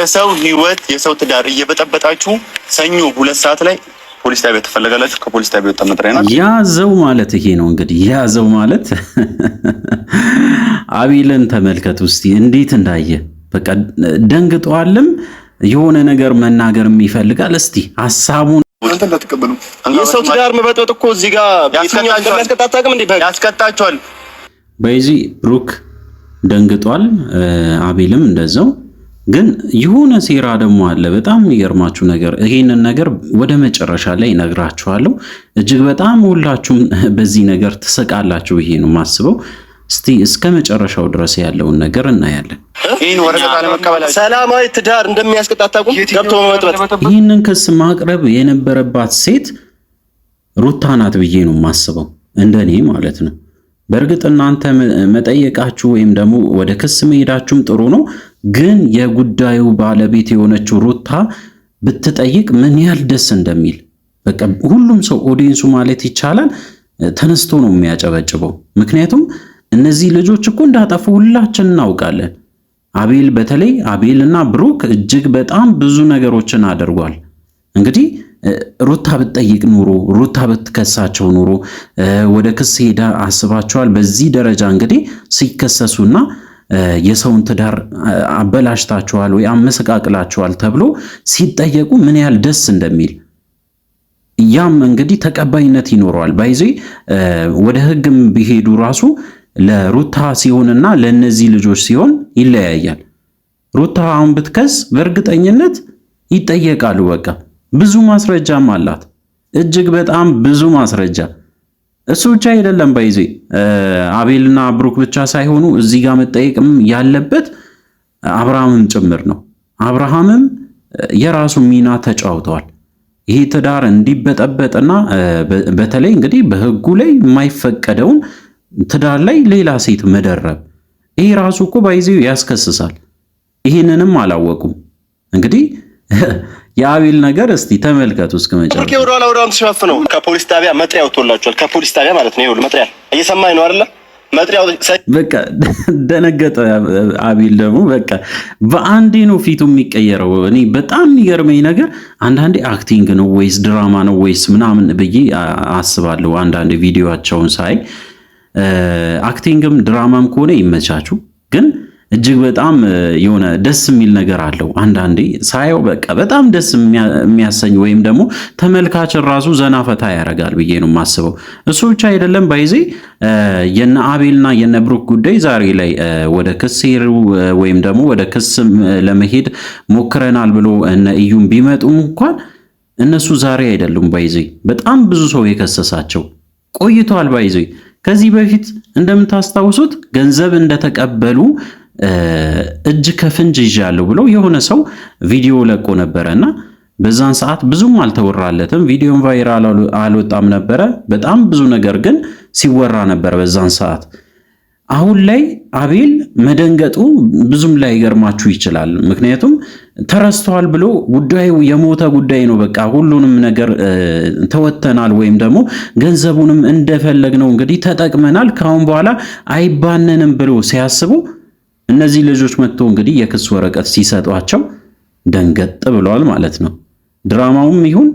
የሰው ህይወት የሰው ትዳር እየበጠበጣችሁ ሰኞ ሁለት ሰዓት ላይ ፖሊስ ጣቢያ ትፈለጋላችሁ። ከፖሊስ ጣቢያ ወጣ መጥሪያ ናት። ያዘው ማለት ይሄ ነው እንግዲህ። ያዘው ማለት አቤልን ተመልከት ውስጥ እንዴት እንዳየ በቃ ደንግጧልም። የሆነ ነገር መናገርም ይፈልጋል። እስቲ ሀሳቡን የሰው ትዳር መበጠጥ እኮ እዚህ ጋር ያስቀጣቸዋል። በዚህ ብሩክ ደንግጧል፣ አቤልም እንደዛው ግን የሆነ ሴራ ደግሞ አለ። በጣም የሚገርማችሁ ነገር ይህንን ነገር ወደ መጨረሻ ላይ ነግራችኋለሁ። እጅግ በጣም ሁላችሁም በዚህ ነገር ትሰቃላችሁ ብዬ ነው የማስበው። እስቲ እስከ መጨረሻው ድረስ ያለውን ነገር እናያለን። ሰላማዊ ትዳር እንደሚያስቀጣት ገብቶ ይህንን ክስ ማቅረብ የነበረባት ሴት ሩታ ናት ብዬ ነው የማስበው፣ እንደኔ ማለት ነው። በእርግጥ እናንተ መጠየቃችሁ ወይም ደግሞ ወደ ክስ መሄዳችሁም ጥሩ ነው ግን የጉዳዩ ባለቤት የሆነችው ሩታ ብትጠይቅ ምን ያህል ደስ እንደሚል በቃ ሁሉም ሰው ኦዲየንሱ ማለት ይቻላል ተነስቶ ነው የሚያጨበጭበው። ምክንያቱም እነዚህ ልጆች እኮ እንዳጠፉ ሁላችን እናውቃለን። አቤል በተለይ እና ብሩክ እጅግ በጣም ብዙ ነገሮችን አድርጓል። እንግዲህ ሩታ ብትጠይቅ ኑሮ ሩታ ብትከሳቸው ኑሮ ወደ ክስ ሄዳ አስባቸዋል። በዚህ ደረጃ እንግዲህ ሲከሰሱና የሰውን ትዳር አበላሽታችኋል ወይ አመሰቃቅላችኋል ተብሎ ሲጠየቁ ምን ያህል ደስ እንደሚል ያም እንግዲህ ተቀባይነት ይኖረዋል። ባይዜ ወደ ህግም ቢሄዱ ራሱ ለሩታ ሲሆንና ለእነዚህ ልጆች ሲሆን ይለያያል። ሩታ አሁን ብትከስ በእርግጠኝነት ይጠየቃሉ። በቃ ብዙ ማስረጃም አላት፣ እጅግ በጣም ብዙ ማስረጃ እሱ ብቻ አይደለም ባይዜ አቤልና ብሩክ ብቻ ሳይሆኑ እዚህ ጋር መጠየቅም ያለበት አብርሃምም ጭምር ነው። አብርሃምም የራሱ ሚና ተጫውተዋል። ይህ ትዳር እንዲበጠበጥና በተለይ እንግዲህ በህጉ ላይ የማይፈቀደውን ትዳር ላይ ሌላ ሴት መደረብ ይህ ራሱ እኮ ባይዜው ያስከስሳል። ይህንንም አላወቁም እንግዲህ የአቤል ነገር እስቲ ተመልከቱ እስከ መጨረሻ። ወደ ኋላ ወደ አንተ ነው። ከፖሊስ ጣቢያ መጥሪያ ወጥቶላቸዋል። ከፖሊስ ጣቢያ ማለት ነው። ይኸውልህ መጥሪያ እየሰማኸኝ ነው አይደለ? መጥሪያው በቃ ደነገጠ። አቤል ደግሞ በቃ በአንዴ ነው ፊቱ የሚቀየረው። እኔ በጣም የሚገርመኝ ነገር አንዳንዴ አክቲንግ ነው ወይስ ድራማ ነው ወይስ ምናምን ብዬ አስባለሁ። አንዳንድ ቪዲዮቸውን ሳይ አክቲንግም ድራማም ከሆነ ይመቻቹ ግን እጅግ በጣም የሆነ ደስ የሚል ነገር አለው። አንዳንዴ ሳየው በቃ በጣም ደስ የሚያሰኝ ወይም ደግሞ ተመልካችን ራሱ ዘና ፈታ ያደርጋል ብዬ ነው የማስበው። እሱ ብቻ አይደለም ባይዜ የነ አቤልና የነ ብሩክ ጉዳይ ዛሬ ላይ ወደ ክስ ሄዱ ወይም ደግሞ ወደ ክስ ለመሄድ ሞክረናል ብሎ እነ እዩም ቢመጡም እንኳን እነሱ ዛሬ አይደሉም ባይዜ በጣም ብዙ ሰው የከሰሳቸው ቆይቷል ባይዜ ከዚህ በፊት እንደምታስታውሱት ገንዘብ እንደተቀበሉ እጅ ከፍንጅ ይዣለሁ ብሎ የሆነ ሰው ቪዲዮ ለቆ እና በዛን ሰዓት ብዙም አልተወራለትም። ቪዲዮን ቫይራል አልወጣም ነበረ። በጣም ብዙ ነገር ግን ሲወራ ነበር በዛን ሰዓት። አሁን ላይ አቤል መደንገጡ ብዙም ላይገርማችሁ ይችላል። ምክንያቱም ተረስተዋል ብሎ ጉዳዩ የሞተ ጉዳይ ነው። በቃ ሁሉንም ነገር ተወተናል፣ ወይም ደግሞ ገንዘቡንም እንደፈለግነው እንግዲህ ተጠቅመናል፣ ካሁን በኋላ አይባነንም ብሎ ሲያስቡ እነዚህ ልጆች መጥቶ እንግዲህ የክስ ወረቀት ሲሰጧቸው ደንገጥ ብለዋል ማለት ነው። ድራማውም ይሁን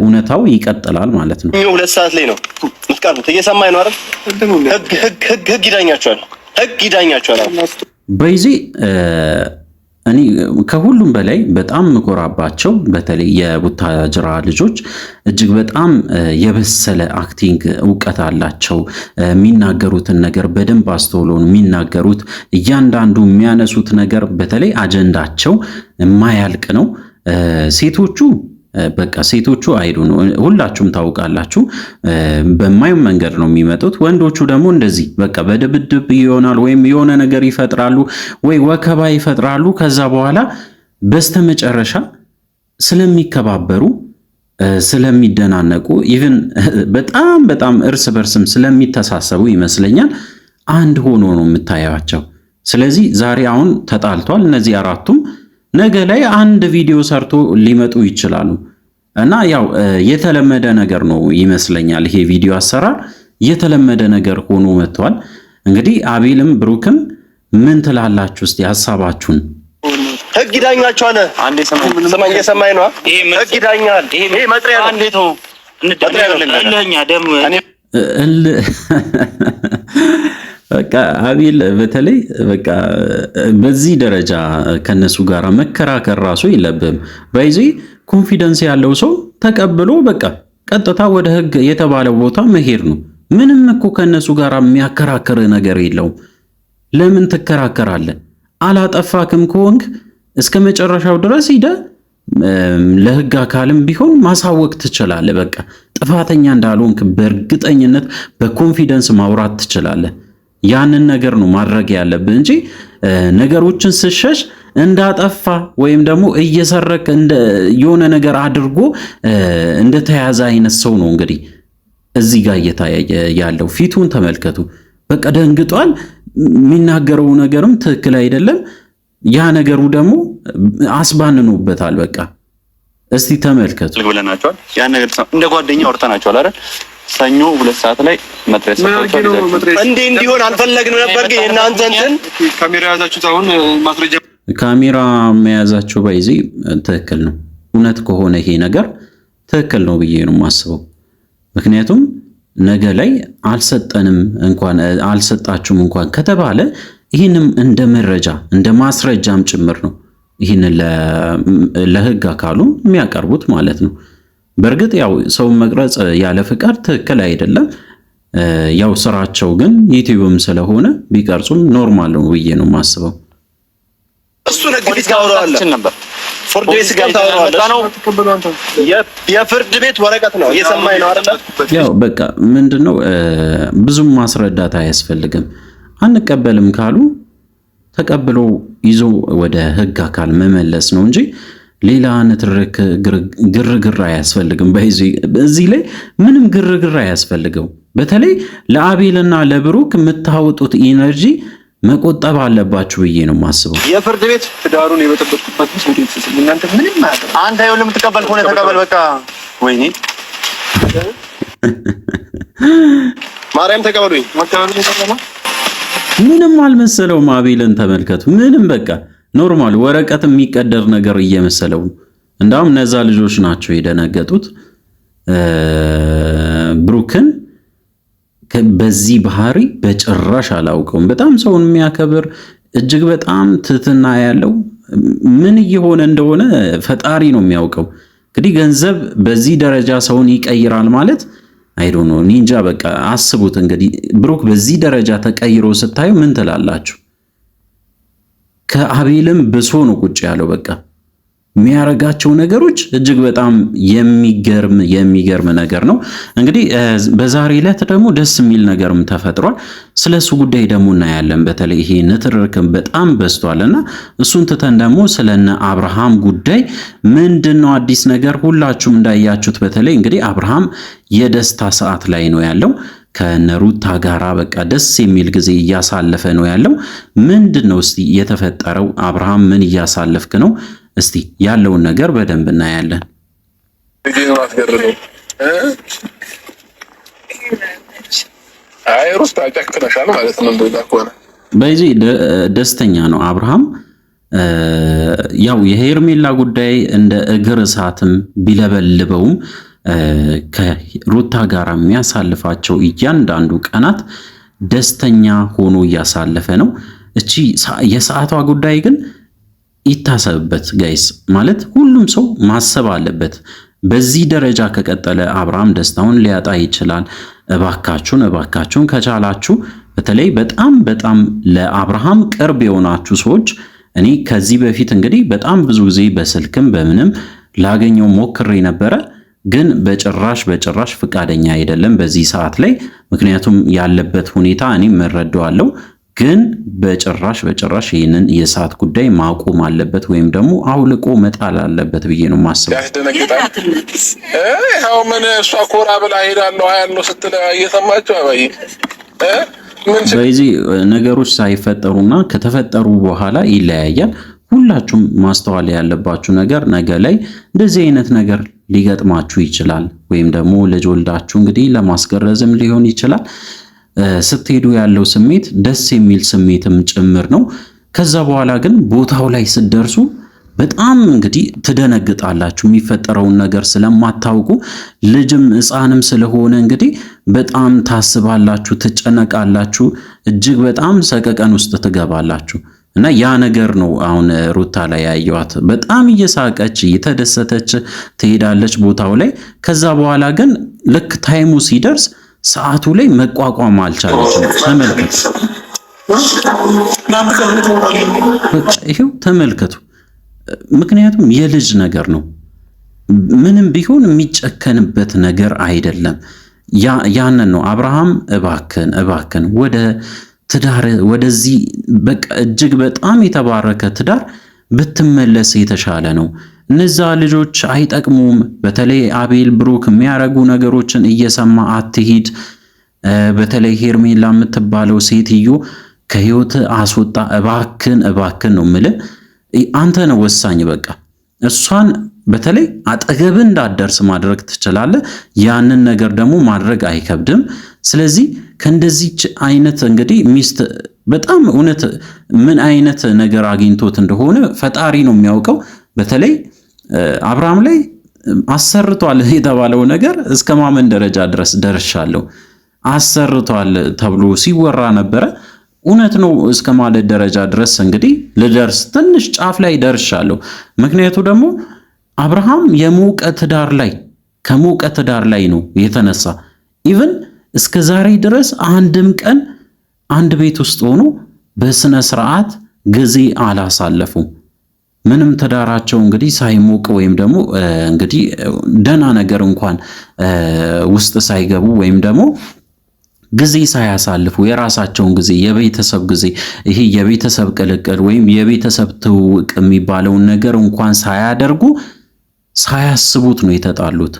እውነታው ይቀጥላል ማለት ነው። ሁለት ሰዓት ላይ ነው የምትቀርቡት። እየሰማኝ ነው አይደል? ህግ ይዳኛቸዋል። ህግ ይዳኛቸዋል። በይዜ እኔ ከሁሉም በላይ በጣም ምኮራባቸው በተለይ የቡታጅራ ልጆች እጅግ በጣም የበሰለ አክቲንግ እውቀት አላቸው። የሚናገሩትን ነገር በደንብ አስተውሎ የሚናገሩት እያንዳንዱ የሚያነሱት ነገር በተለይ አጀንዳቸው የማያልቅ ነው። ሴቶቹ በቃ ሴቶቹ አይዱ ነው፣ ሁላችሁም ታውቃላችሁ። በማይም መንገድ ነው የሚመጡት። ወንዶቹ ደግሞ እንደዚህ በቃ በድብድብ ይሆናል፣ ወይም የሆነ ነገር ይፈጥራሉ፣ ወይ ወከባ ይፈጥራሉ። ከዛ በኋላ በስተመጨረሻ ስለሚከባበሩ ስለሚደናነቁ ኢቭን በጣም በጣም እርስ በርስም ስለሚተሳሰቡ ይመስለኛል አንድ ሆኖ ነው የምታያቸው። ስለዚህ ዛሬ አሁን ተጣልቷል እነዚህ አራቱም ነገ ላይ አንድ ቪዲዮ ሰርቶ ሊመጡ ይችላሉ። እና ያው የተለመደ ነገር ነው ይመስለኛል። ይሄ ቪዲዮ አሰራር የተለመደ ነገር ሆኖ መጥቷል። እንግዲህ አቤልም ብሩክም ምን ትላላችሁ? እስቲ ሀሳባችሁን ህግ ይዳኛቸዋል። አንዴ ሰማኝ እየሰማኝ ነው። ህግ ይዳኛል። ይሄ መጥሪያ ነው። እንዴት ነው እንደደረለኛ ደም በቃ አቤል በተለይ በቃ በዚህ ደረጃ ከነሱ ጋር መከራከር ራሱ የለብም። ባይዚ ኮንፊደንስ ያለው ሰው ተቀብሎ በቃ ቀጥታ ወደ ህግ የተባለ ቦታ መሄድ ነው። ምንም እኮ ከነሱ ጋር የሚያከራከር ነገር የለውም። ለምን ትከራከራለህ? አላጠፋክም ከሆንክ እስከ መጨረሻው ድረስ ሂደህ ለህግ አካልም ቢሆን ማሳወቅ ትችላለህ። በቃ ጥፋተኛ እንዳልሆንክ በእርግጠኝነት በኮንፊደንስ ማውራት ትችላለህ። ያንን ነገር ነው ማድረግ ያለብህ እንጂ ነገሮችን ስሸሽ እንዳጠፋ ወይም ደግሞ እየሰረክ የሆነ ነገር አድርጎ እንደተያዘ አይነት ሰው ነው እንግዲህ እዚህ ጋር እየታየ ያለው። ፊቱን ተመልከቱ። በቃ ደንግጧል። የሚናገረው ነገርም ትክክል አይደለም። ያ ነገሩ ደግሞ አስባንኖበታል በቃ እስቲ ተመልከቱ ብለናቸዋል። ያን ነገር እንደ ጓደኛ አውርተናቸዋል አይደል? ሰኞ ሁለት ሰዓት ላይ መድረስ እንዴ እንዲሆን አልፈለግንም ነበር፣ ግን እናንተ እንትን ካሜራ የያዛችሁት አሁን ማስረጃ ካሜራ መያዛቸው ባይዚ ትክክል ነው። እውነት ከሆነ ይሄ ነገር ትክክል ነው ብዬ ነው የማስበው። ምክንያቱም ነገ ላይ አልሰጠንም እንኳን አልሰጣችሁም እንኳን ከተባለ ይህንም እንደ መረጃ እንደ ማስረጃም ጭምር ነው ይህንን ለህግ አካሉ የሚያቀርቡት ማለት ነው። በእርግጥ ያው ሰውን መቅረጽ ያለ ፍቃድ ትክክል አይደለም። ያው ስራቸው ግን ዩቲዩብም ስለሆነ ቢቀርጹም ኖርማል ነው ብዬ ነው የማስበው። ፍርድ ቤት የፍርድ ቤት ወረቀት ነው ነው ያው በቃ ምንድነው ብዙም ማስረዳት አያስፈልግም። አንቀበልም ካሉ ተቀብሎ ይዞ ወደ ህግ አካል መመለስ ነው እንጂ ሌላ ንትርክ ግርግር አያስፈልግም። በዚህ ላይ ምንም ግርግር አያስፈልገው። በተለይ ለአቤልና ለብሩክ የምታወጡት ኢነርጂ መቆጠብ አለባችሁ ብዬ ነው የማስበው። የፍርድ ቤት ትዳሩን የበጠበጥኩበት እናንተ ምንም አንተ ይኸውልህ የምትቀበል ከሆነ ተቀበል በቃ። ወይኔ ማርያም ተቀበሉኝ ምንም አልመሰለውም። አቤልን ተመልከቱ። ምንም በቃ ኖርማል ወረቀት የሚቀደር ነገር እየመሰለው እንዳውም እነዛ ልጆች ናቸው የደነገጡት ብሩክን በዚህ ባህሪ በጭራሽ አላውቀውም። በጣም ሰውን የሚያከብር እጅግ በጣም ትህትና ያለው ምን እየሆነ እንደሆነ ፈጣሪ ነው የሚያውቀው። እንግዲህ ገንዘብ በዚህ ደረጃ ሰውን ይቀይራል ማለት አይዶ ነው ኒንጃ። በቃ አስቡት እንግዲህ ብሩክ በዚህ ደረጃ ተቀይሮ ስታዩ ምን ትላላችሁ? ከአቤልም ብሶ ነው ቁጭ ያለው በቃ የሚያደርጋቸው ነገሮች እጅግ በጣም የሚገርም የሚገርም ነገር ነው። እንግዲህ በዛሬ ዕለት ደግሞ ደስ የሚል ነገርም ተፈጥሯል። ስለ እሱ ጉዳይ ደግሞ እናያለን። በተለይ ይሄ ንትርክም በጣም እና እሱን ትተን ደግሞ ስለነ አብርሃም ጉዳይ ምንድን ነው አዲስ ነገር? ሁላችሁም እንዳያችሁት በተለይ እንግዲህ አብርሃም የደስታ ሰዓት ላይ ነው ያለው ከነሩታ ጋራ በቃ ደስ የሚል ጊዜ እያሳለፈ ነው ያለው። ምንድን ነው እስቲ የተፈጠረው? አብርሃም ምን እያሳለፍክ ነው? እስቲ ያለውን ነገር በደንብ እናያለን። በዚህ ደስተኛ ነው አብርሃም። ያው የሄርሜላ ጉዳይ እንደ እግር እሳትም ቢለበልበውም ከሩታ ጋር የሚያሳልፋቸው እያንዳንዱ ቀናት ደስተኛ ሆኖ እያሳለፈ ነው። እቺ የሰዓቷ ጉዳይ ግን ይታሰብበት ጋይስ። ማለት ሁሉም ሰው ማሰብ አለበት። በዚህ ደረጃ ከቀጠለ አብርሃም ደስታውን ሊያጣ ይችላል። እባካችሁን እባካችሁን ከቻላችሁ በተለይ በጣም በጣም ለአብርሃም ቅርብ የሆናችሁ ሰዎች እኔ ከዚህ በፊት እንግዲህ በጣም ብዙ ጊዜ በስልክም በምንም ላገኘው ሞክሬ ነበረ ግን በጭራሽ በጭራሽ ፍቃደኛ አይደለም በዚህ ሰዓት ላይ። ምክንያቱም ያለበት ሁኔታ እኔም እረዳዋለሁ። ግን በጭራሽ በጭራሽ ይህንን የሰዓት ጉዳይ ማቆም አለበት ወይም ደግሞ አውልቆ መጣል አለበት ብዬ ነው የማስበው። ምን እሷ ኮራ ብላ ሄዳለሁ ያለው ስትል እየሰማቸው በዚህ ነገሮች ሳይፈጠሩና ከተፈጠሩ በኋላ ይለያያል። ሁላችሁም ማስተዋል ያለባችሁ ነገር ነገ ላይ እንደዚህ አይነት ነገር ሊገጥማችሁ ይችላል። ወይም ደግሞ ልጅ ወልዳችሁ እንግዲህ ለማስገረዝም ሊሆን ይችላል ስትሄዱ ያለው ስሜት ደስ የሚል ስሜትም ጭምር ነው። ከዛ በኋላ ግን ቦታው ላይ ስትደርሱ በጣም እንግዲህ ትደነግጣላችሁ፣ የሚፈጠረውን ነገር ስለማታውቁ ልጅም ሕፃንም ስለሆነ እንግዲህ በጣም ታስባላችሁ፣ ትጨነቃላችሁ፣ እጅግ በጣም ሰቀቀን ውስጥ ትገባላችሁ። እና ያ ነገር ነው አሁን ሩታ ላይ ያየዋት። በጣም እየሳቀች እየተደሰተች ትሄዳለች ቦታው ላይ። ከዛ በኋላ ግን ልክ ታይሙ ሲደርስ ሰዓቱ ላይ መቋቋም አልቻለችም። ተመልከቱ፣ ይሄው ተመልከቱ። ምክንያቱም የልጅ ነገር ነው። ምንም ቢሆን የሚጨከንበት ነገር አይደለም። ያንን ነው አብርሃም፣ እባክን እባክን ወደ ትዳር ወደዚህ በቃ እጅግ በጣም የተባረከ ትዳር ብትመለስ የተሻለ ነው። እነዛ ልጆች አይጠቅሙም። በተለይ አቤል ብሩክ የሚያረጉ ነገሮችን እየሰማ አትሂድ። በተለይ ሄርሜላ የምትባለው ሴትዮ ከህይወት አስወጣ። እባክን እባክን ነው ምል። አንተ ነው ወሳኝ። በቃ እሷን በተለይ አጠገብ እንዳደርስ ማድረግ ትችላለ ያንን ነገር ደግሞ ማድረግ አይከብድም። ስለዚህ ከእንደዚች አይነት እንግዲህ ሚስት በጣም እውነት ምን አይነት ነገር አግኝቶት እንደሆነ ፈጣሪ ነው የሚያውቀው። በተለይ አብርሃም ላይ አሰርቷል የተባለው ነገር እስከ ማመን ደረጃ ድረስ ደርሻለሁ። አሰርቷል ተብሎ ሲወራ ነበረ እውነት ነው እስከ ማለት ደረጃ ድረስ እንግዲህ ልደርስ ትንሽ ጫፍ ላይ ደርሻለሁ። ምክንያቱ ደግሞ አብርሃም የሞቀ ትዳር ላይ ከሞቀ ትዳር ላይ ነው የተነሳ ኢቭን እስከ ዛሬ ድረስ አንድም ቀን አንድ ቤት ውስጥ ሆኖ በስነ ስርዓት ጊዜ አላሳለፉም። ምንም ትዳራቸው እንግዲህ ሳይሞቅ ወይም ደግሞ እንግዲህ ደህና ነገር እንኳን ውስጥ ሳይገቡ ወይም ደግሞ ጊዜ ሳያሳልፉ የራሳቸውን ጊዜ የቤተሰብ ጊዜ ይሄ የቤተሰብ ቅልቅል ወይም የቤተሰብ ትውውቅ የሚባለውን ነገር እንኳን ሳያደርጉ ሳያስቡት ነው የተጣሉት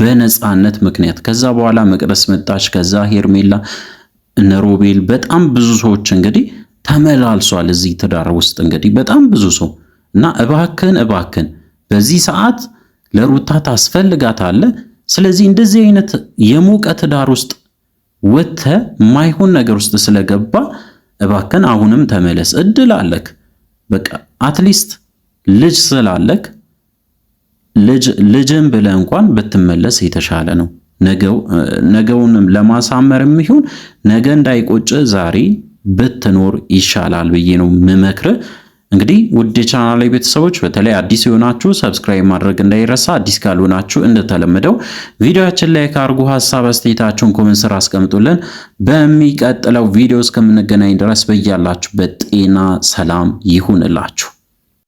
በነፃነት ምክንያት። ከዛ በኋላ መቅደስ መጣች፣ ከዛ ሄርሜላ፣ እነ ሮቤል በጣም ብዙ ሰዎች እንግዲህ ተመላልሷል እዚህ ትዳር ውስጥ እንግዲህ በጣም ብዙ ሰው እና እባክን እባክን በዚህ ሰዓት ለሩታ ታስፈልጋታለህ። ስለዚህ እንደዚህ አይነት የሞቀ ትዳር ውስጥ ወጥተ ማይሆን ነገር ውስጥ ስለገባ እባክን አሁንም ተመለስ። እድል አለክ። በቃ አትሊስት ልጅ ስላለክ ልጅ ልጅን እንኳን ብትመለስ የተሻለ ነው። ነገውንም ለማሳመር የሚሆን ነገ እንዳይቆጭ ዛሬ ብትኖር ይሻላል ብዬ ነው ምመክርህ። እንግዲህ ውድ የቻናል ላይ ቤተሰቦች በተለይ አዲስ የሆናችሁ ሰብስክራይብ ማድረግ እንዳይረሳ፣ አዲስ ካልሆናችሁ እንደተለመደው ቪዲዮችን ላይ ካርጉ ሀሳብ አስተያየታችሁን ኮሜንት ስር አስቀምጡልን። በሚቀጥለው ቪዲዮ እስከምንገናኝ ድረስ በያላችሁበት ጤና ሰላም ይሁንላችሁ።